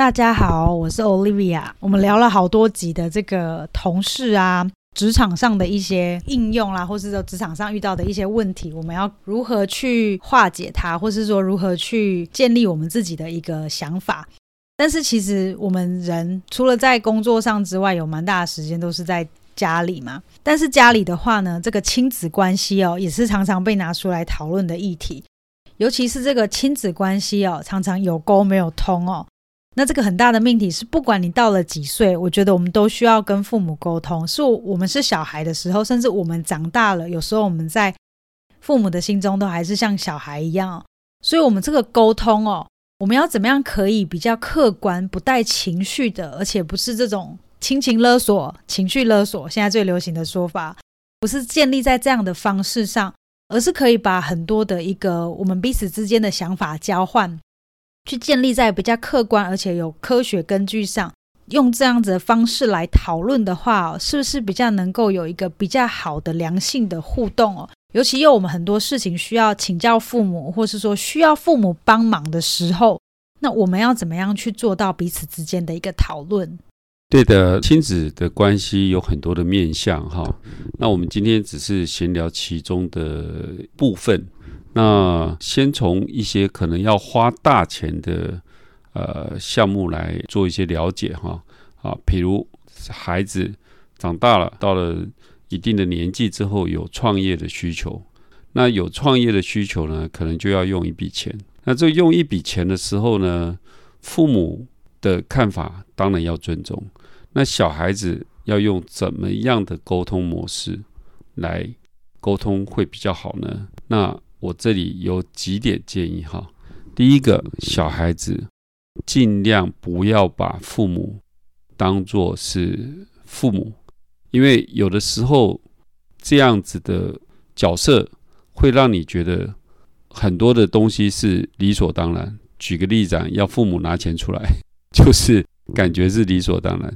大家好，我是 Olivia。我們聊了好多集的這個同事啊，職場上的一些應用啦、啊，或是說職場上遇到的一些問題，我們要如何去化解它，或是說如何去建立我們自己的一個想法。但是其實我們人除了在工作上之外，有蠻大的時間都是在家裡嘛。但是家裡的話呢，這個親子關係哦，也是常常被拿出來討論的議題，尤其是這個親子關係哦，常常有溝沒有通哦。那這個很大的命題是，不管你到了幾歲，我覺得我們都需要跟父母溝通。是，我們是小孩的時候，甚至我們長大了，有時候我們在父母的心中都還是像小孩一樣。所以，我們這個溝通哦，我們要怎麼樣可以比較客觀、不帶情緒的，而且不是這種親情勒索、情緒勒索，現在最流行的說法，不是建立在這樣的方式上，而是可以把很多的一個我們彼此之間的想法交換。去建立在比較客觀而且有科學根據上，用這樣子的方式來討論的話，是不是比較能夠有一個比較好的良性的互動哦？尤其有我們很多事情需要請教父母，或是說需要父母幫忙的時候，那我們要怎麼樣去做到彼此之間的一個討論？對的，親子的關係有很多的面向哈，那我們今天只是閒聊其中的部分。那先從一些可能要花大錢的呃項目來做一些了解哈啊，比如孩子長大了，到了一定的年紀之後，有創業的需求，那有創業的需求呢，可能就要用一筆錢。那就用一筆錢的時候呢，父母的看法當然要尊重。那小孩子要用怎麼樣的溝通模式來溝通會比較好呢？那我這裡有幾點建議哈。第一個，小孩子儘量不要把父母當作是父母，因為有的時候這樣子的角色會讓你覺得很多的東西是理所當然。舉個例子啊，要父母拿錢出來，就是感覺是理所當然。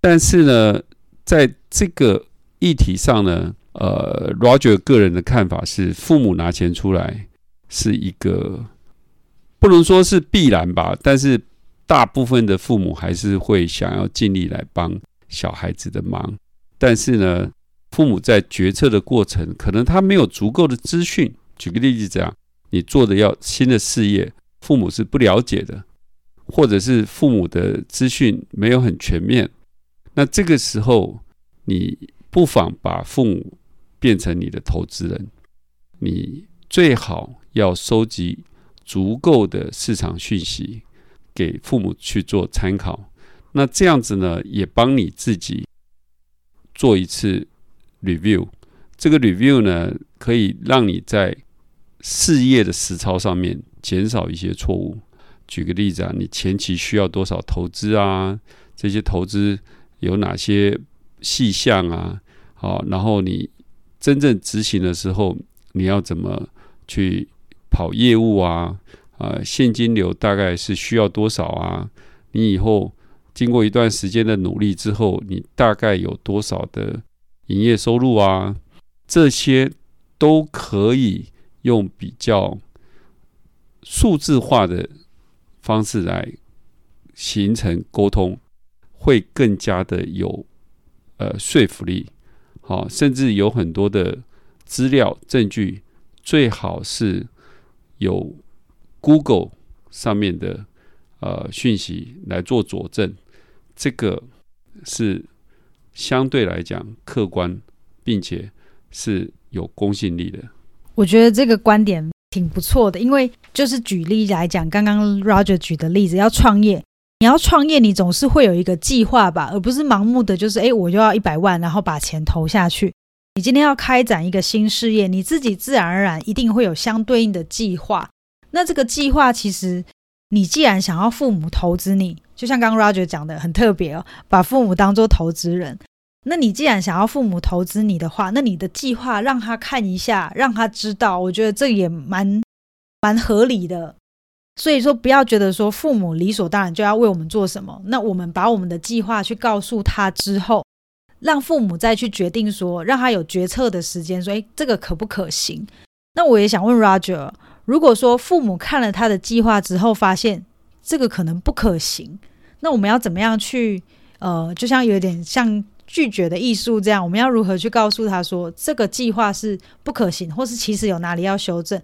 但是呢，在這個議題上呢，呃，Roger 個人的看法是，父母拿錢出來是一個不能說是必然吧，但是大部分的父母還是會想要盡力來幫小孩子的忙。但是呢，父母在決策的過程，可能他沒有足夠的資訊。舉個例子講，你做的要新的事業，父母是不了解的，或者是父母的資訊沒有很全面。那這個時候，你不妨把父母變成你的投資人，你最好要收集足夠的市場訊息，給父母去做參考。那這樣子呢，也幫你自己做一次 review。這個 review 呢，可以讓你在事業的實操上面減少一些錯誤。舉個例子啊，你前期需要多少投資啊？這些投資有哪些細項啊？好，然後你。真正執行的時候，你要怎麼去跑業務啊？呃，現金流大概是需要多少啊？你以後經過一段時間的努力之後，你大概有多少的營業收入啊？這些都可以用比較數字化的方式來形成溝通，會更加的有呃說服力。好，甚至有很多的資料證據，最好是有 Google 上面的呃訊息來做佐證，這個是相對來講客觀，並且是有公信力的。我覺得這個觀點挺不錯的，因為就是舉例來講，剛剛 Roger 舉的例子，要創業。你要創業，你總是會有一個計劃吧，而不是盲目的，就是哎，我就要一百萬，然後把錢投下去。你今天要開展一個新事業，你自己自然而然一定會有相對應的計劃。那這個計劃，其實你既然想要父母投資你，就像剛剛 Roger 講的很特別哦，把父母當做投資人。那你既然想要父母投資你的話，那你的計劃讓他看一下，讓他知道，我覺得這也蠻蠻合理的。所以說，不要覺得說父母理所當然就要為我們做什麼。那我們把我們的計劃去告訴他之後，讓父母再去決定說，說讓他有決策的時間，說，哎，這個可不可行？那我也想問 Roger，如果說父母看了他的計劃之後，發現這個可能不可行，那我們要怎麼樣去？呃，就像有點像拒絕的藝術這樣，我們要如何去告訴他說這個計劃是不可行，或是其實有哪裡要修正？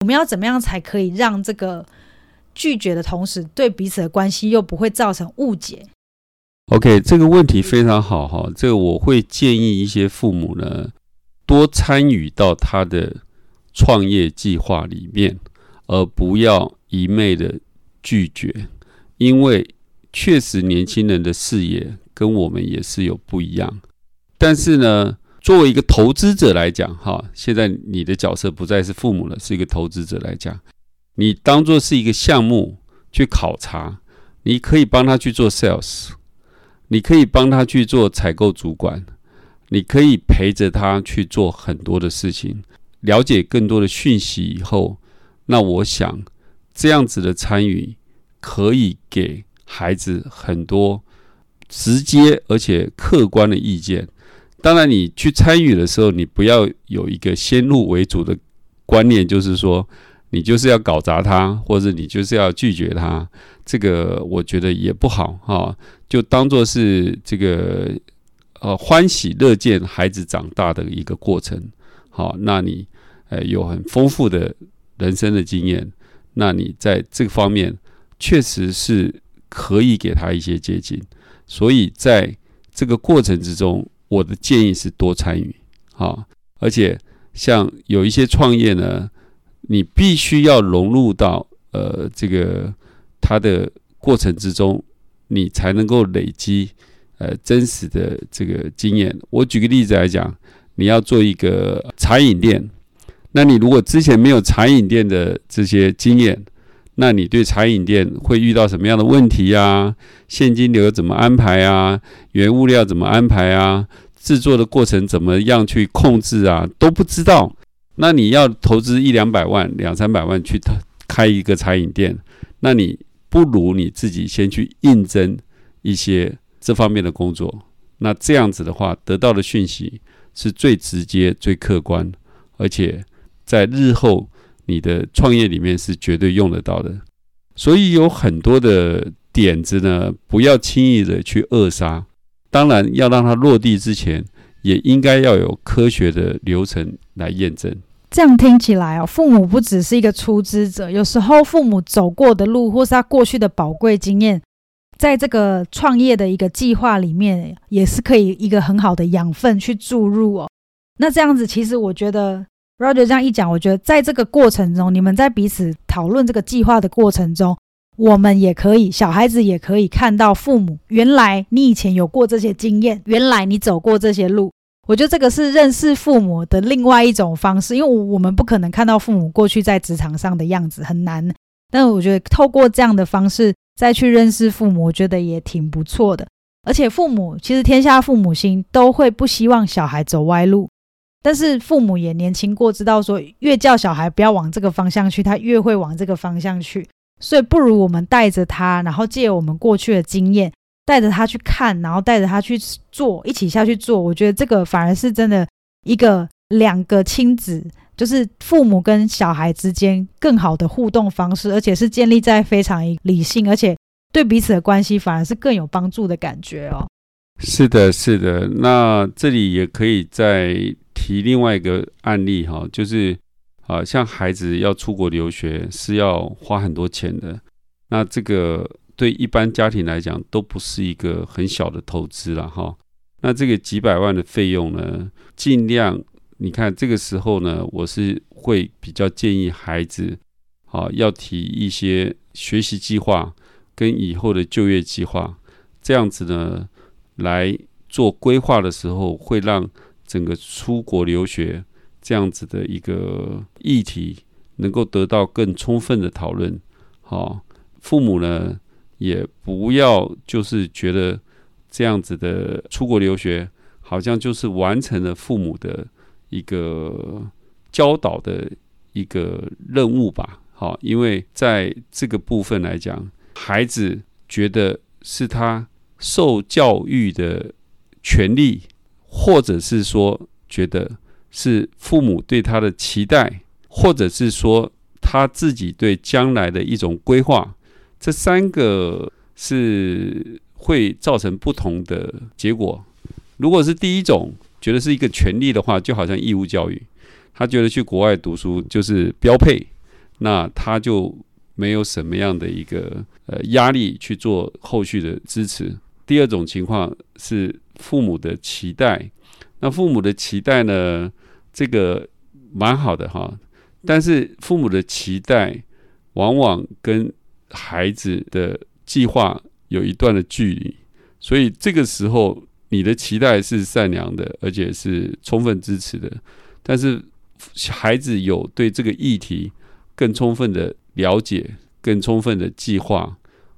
我們要怎麼樣才可以讓這個？拒絕的同時，對彼此的關係又不會造成誤解。OK，這個問題非常好哈，這個我會建議一些父母呢，多參與到他的創業計劃裡面，而不要一味的拒絕，因為確實年輕人的視野跟我們也是有不一樣。但是呢，作為一個投資者來講，哈，現在你的角色不再是父母了，是一個投資者來講。你當做是一個項目去考察，你可以幫他去做 sales，你可以幫他去做採購主管，你可以陪着他去做很多的事情，了解更多的訊息以後，那我想這樣子的參與可以給孩子很多直接而且客觀的意見。當然，你去參與的時候，你不要有一個先入為主的觀念，就是說。你就是要搞砸他，或者你就是要拒絕他，這個我覺得也不好哈、哦。就當做是這個呃歡喜樂見孩子長大的一個過程。好、哦，那你呃有很豐富的人生的經驗，那你在這個方面確實是可以給他一些接近。所以在這個過程之中，我的建議是多參與。好、哦，而且像有一些創業呢。你必須要融入到呃這個它的過程之中，你才能夠累積呃真實的這個經驗。我舉個例子來講，你要做一個茶飲店，那你如果之前沒有茶飲店的這些經驗，那你對茶飲店會遇到什麼樣的問題呀、啊？現金流怎麼安排啊？原物料怎麼安排啊？製作的過程怎麼樣去控制啊？都不知道。那你要投資一兩百萬、兩三百萬去開一個餐飲店，那你不如你自己先去應徵一些這方面的工作。那這樣子的話，得到的訊息是最直接、最客觀，而且在日後你的創業裡面是絕對用得到的。所以有很多的點子呢，不要輕易的去扼殺。當然，要讓它落地之前。也應該要有科學的流程來驗證。這樣聽起來哦，父母不只是一個出資者，有時候父母走過的路，或是他過去的寶貴經驗，在這個創業的一個計劃裡面，也是可以一個很好的養分去注入哦。那這樣子，其實我覺得，Roger 這樣一講，我覺得在這個過程中，你們在彼此討論這個計劃的過程中，我們也可以，小孩子也可以看到父母。原來你以前有過這些經驗，原來你走過這些路。我覺得這個是認識父母的另外一種方式，因為我們不可能看到父母過去在職場上的樣子，很難。但我覺得透過這樣的方式再去認識父母，我覺得也挺不錯的。而且父母其實天下父母心，都會不希望小孩走歪路，但是父母也年輕過，知道說越叫小孩不要往這個方向去，他越會往這個方向去。所以不如我們帶着他，然後借我們過去的經驗，帶着他去看，然後帶着他去做，一起下去做。我覺得這個反而是真的一個兩個親子，就是父母跟小孩之間更好的互動方式，而且是建立在非常理性，而且對彼此的關係反而是更有幫助的感覺哦。是的，是的。那這裡也可以再提另外一個案例哈，就是。啊，像孩子要出國留學是要花很多錢的，那這個對一般家庭來講都不是一個很小的投資了哈。那這個幾百萬的費用呢，盡量你看這個時候呢，我是會比較建議孩子，啊要提一些學習計劃跟以後的就業計劃，這樣子呢來做規劃的時候，會讓整個出國留學。這樣子的一個議題能夠得到更充分的討論。好，父母呢也不要就是覺得這樣子的出國留學好像就是完成了父母的一個教導的一個任務吧。好，因為在這個部分來講，孩子覺得是他受教育的權利，或者是說覺得。是父母對他的期待，或者是說他自己對將來的一種規劃，這三個是會造成不同的結果。如果是第一種，覺得是一個權利的話，就好像義務教育，他覺得去國外讀書就是標配，那他就沒有什麼樣的一個呃壓力去做後續的支持。第二種情況是父母的期待，那父母的期待呢？這個蠻好的哈，但是父母的期待往往跟孩子的計劃有一段的距離，所以這個時候你的期待是善良的，而且是充分支持的。但是孩子有對這個議題更充分的了解，更充分的計劃，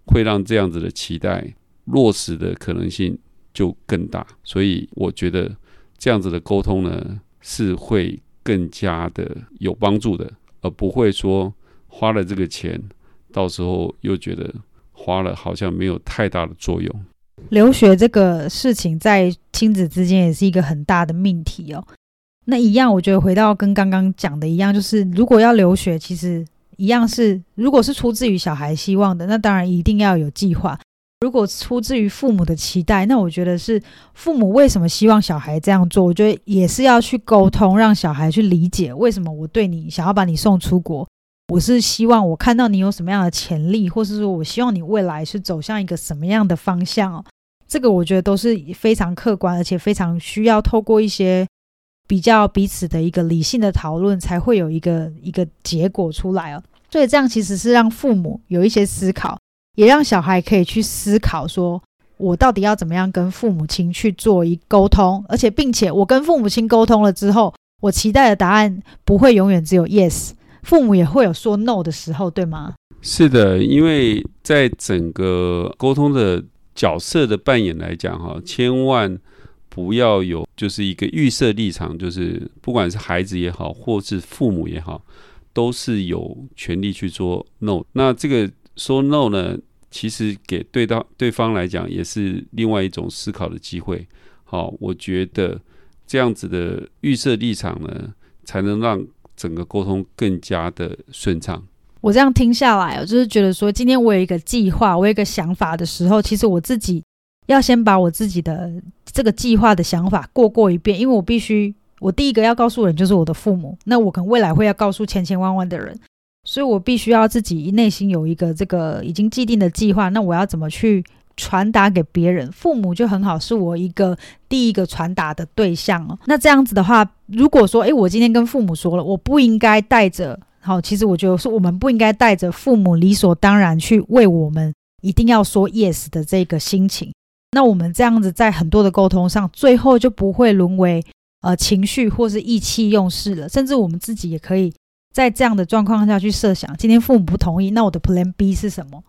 會讓這樣子的期待落實的可能性就更大。所以我覺得這樣子的溝通呢，是會更加的有幫助的，而不會說花了這個錢，到時候又覺得花了好像沒有太大的作用。留學這個事情在親子之間也是一個很大的命題哦。那一樣，我覺得回到跟剛剛講的一樣，就是如果要留學，其實一樣是如果是出自於小孩希望的，那當然一定要有計劃。如果出自於父母的期待，那我覺得是父母為什麼希望小孩這樣做？我覺得也是要去溝通，讓小孩去理解為什麼我對你想要把你送出國。我是希望我看到你有什麼樣的潛力，或是說我希望你未來是走向一個什麼樣的方向哦，這個我覺得都是非常客觀，而且非常需要透過一些比較彼此的一個理性的討論，才會有一個一個結果出來哦。所以這樣其實是讓父母有一些思考。也讓小孩可以去思考，說我到底要怎麼樣跟父母親去做一溝通，而且並且我跟父母親溝通了之後，我期待的答案不會永遠只有 yes，父母也會有說 no 的時候，對嗎？是的，因為在整個溝通的角色的扮演來講，哈，千萬不要有就是一個預設立場，就是不管是孩子也好，或是父母也好，都是有權利去做 no。那這個。說、so、no 呢，其實給對到對方來講也是另外一種思考的機會。好，我覺得這樣子的預設立場呢，才能讓整個溝通更加的順暢。我這樣聽下來，我就是覺得說，今天我有一個計劃，我有一個想法的時候，其實我自己要先把我自己的這個計劃的想法過過一遍，因為我必須，我第一個要告訴人就是我的父母，那我可能未來會要告訴千千萬萬的人。所以我必須要自己內心有一個這個已經既定的計劃，那我要怎麼去傳達給別人？父母就很好，是我一個第一個傳達的對象了。那這樣子的話，如果說，哎、欸，我今天跟父母說了，我不應該帶着，好、哦，其實我覺得是，我們不應該帶着父母理所當然去為我們一定要說 yes 的這個心情。那我們這樣子在很多的溝通上，最後就不會淪為呃情緒或是意氣用事了，甚至我們自己也可以。在這樣的狀況下去設想，今天父母不同意，那我的 Plan B 是什麼？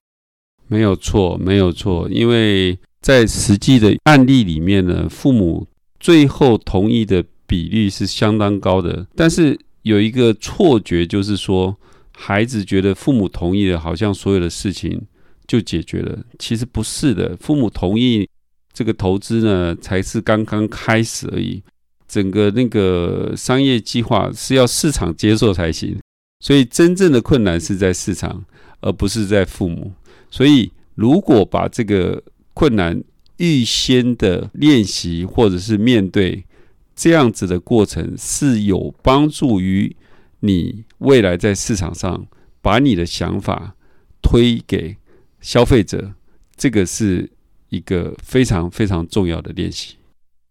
沒有錯，沒有錯。因為在實際的案例裡面呢，父母最後同意的比率是相當高的。但是有一個錯覺，就是說孩子覺得父母同意了，好像所有的事情就解決了。其實不是的，父母同意這個投資呢，才是剛剛開始而已。整個那個商業計劃是要市場接受才行，所以真正的困難是在市場，而不是在父母。所以，如果把這個困難預先的練習或者是面對這樣子的過程，是有幫助於你未來在市場上把你的想法推給消費者。這個是一個非常非常重要的練習。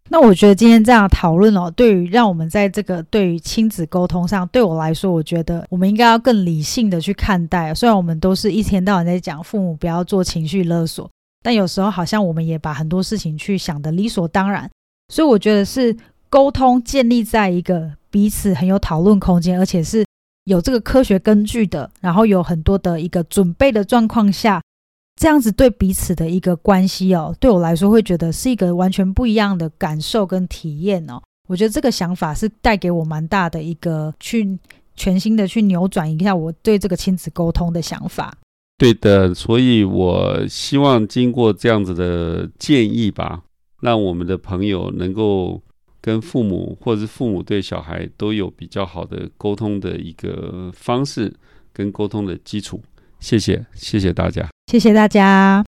那我覺得今天這樣討論哦，對於讓我們在這個對於親子溝通上，對我來說，我覺得我們應該要更理性的去看待。雖然我們都是一天到晚在講父母不要做情緒勒索，但有時候好像我們也把很多事情去想的理所當然。所以我覺得是溝通建立在一個彼此很有討論空間，而且是有這個科學根據的，然後有很多的一個準備的狀況下。這樣子對彼此的一個關係哦，對我來說會覺得是一個完全不一樣的感受跟體驗哦。我覺得這個想法是帶給我蠻大的一個去全新的去扭轉一下我對這個親子溝通的想法。對的，所以我希望經過這樣子的建議吧，讓我們的朋友能夠跟父母或者是父母對小孩都有比較好的溝通的一個方式跟溝通的基礎。謝謝，謝謝大家，謝謝大家。